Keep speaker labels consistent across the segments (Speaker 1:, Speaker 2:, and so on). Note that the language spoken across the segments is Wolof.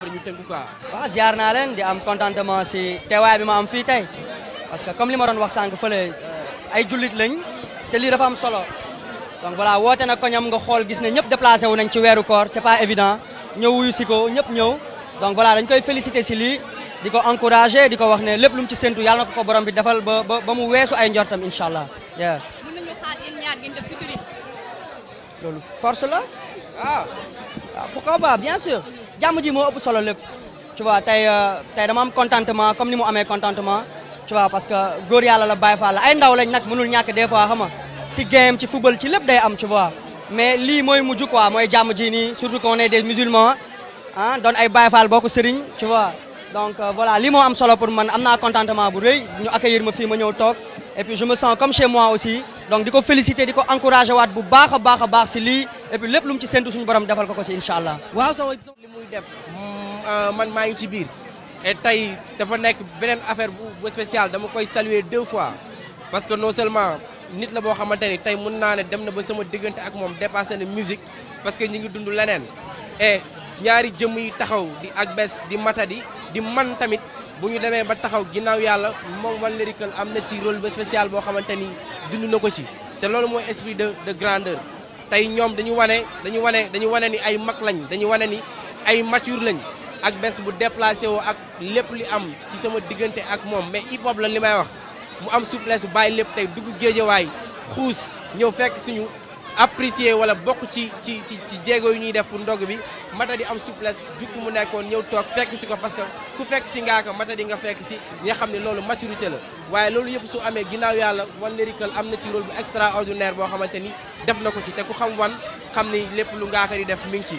Speaker 1: ñu tënku quoi
Speaker 2: waaw ziar naa leen di am contentement si teewaay bi ma am fii tey parce que comme li ma doon wax sànq fële eh, ay jullit lañ te lii dafa am solo donc voilà woote na koñam nga xool gis ne ñëpp déplacé wu nañ ci weeru koor c'est pas évident ñëw wuyu si ko ñëpp ñëw donc voilà dañ koy féliciter si lii di ko encourager di ko wax ne lépp lu ci séntu yàlla na ko borom bi defal ba ba mu weesu ay njortam incha yeah mën nañu xaar yéen ñaar ngeen def futur loolu force la waaw ah. ah, pourquoi pas bien sûr jàmm ji moo ëpp solo lépp tu vois tey euh, am contentement comme ni mu amee contentement tu parce que góor yàlla la Baye Fall la ay ndaw lañ nag mënul ñàkk des fois xama ci game ci football ci lépp day am tu mais lii mooy mujj quoi mooy jàmm ji ni surtout qu'on est des musulmans ah doon ay Baye Fall bokk sëriñ tu vois donc euh, voilà lii moo am solo pour man am naa contentement bu rëy ñu accueillir ma fii ma ñëw toog et puis je me sens comme chez aussi donc di ko féliciter di ko encourager waat bu baax a baax a baax si lii lépp lu mu ci suñu borom defal ko ko si incha allah. def mm,
Speaker 1: euh, man maa ngi ci biir et tey dafa nekk beneen affaire bu bu dama koy saluer deux fois parce que non seulement nit la boo xamante ni tey mun naa ne dem na ba sama diggante ak moom dépassé na musique parce que ñu ngi dund leneen e ñaari jëmm yi taxaw di ak bés di matadi di man tamit bu ñu demee ba taxaw ginnaaw yàlla moom One Lyrical am na ci rôle bu spécial boo xamante ni dund na ko ci te loolu mooy esprit de de grandeur tey ñoom dañu wane dañu wane dañu wane ni ay mag lañ dañu wane ni ay mature lañ ak bés bu déplacé woo ak lépp li am ci sama diggante ak moom mais hip hop la li may wax mu am souplesse bu bàyyi lépp tey dugg géejawaay xuus ñëw fekk suñu apprécier wala bokk ci ci ci ci jéego yu ñuy def pour ndog bi mata di am souplesse jukki mu nekkoon ñëw toog fekk si ko parce que ku fekk si ngaa ko mata di nga fekk si nga xam ne loolu maturité la waaye loolu yëpp su amee ginnaaw yàlla wan lyrical am na ci rôle bu extraordinaire boo xamante ni def na ko ci te ku xam wan xam ni lépp lu ngaa def mi ngi ci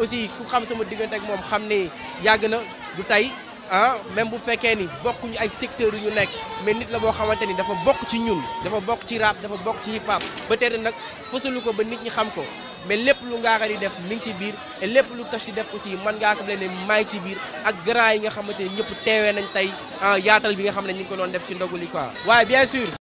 Speaker 1: aussi ku xam sama diggante ak moom xam ne yàgg na du tey ah même bu fekkee ni bokkuñu ay secteurs yu ñu nekk mais nit la boo xamante ni dafa bokk ci ñun dafa bokk ci rap dafa bokk ci hip hop ba être nag fësalu ko ba nit ñi xam ko mais lépp lu Ngaaka di def mi ngi ci biir et lépp lu Teuch di def aussi man Ngaaka leen maa ngi ci biir ak grand yi nga xamante ni ñëpp teewee nañ tey ah, yaatal bi nga xam ne ñu ngi ko doon def ci ndogu li quoi waaye bien sûr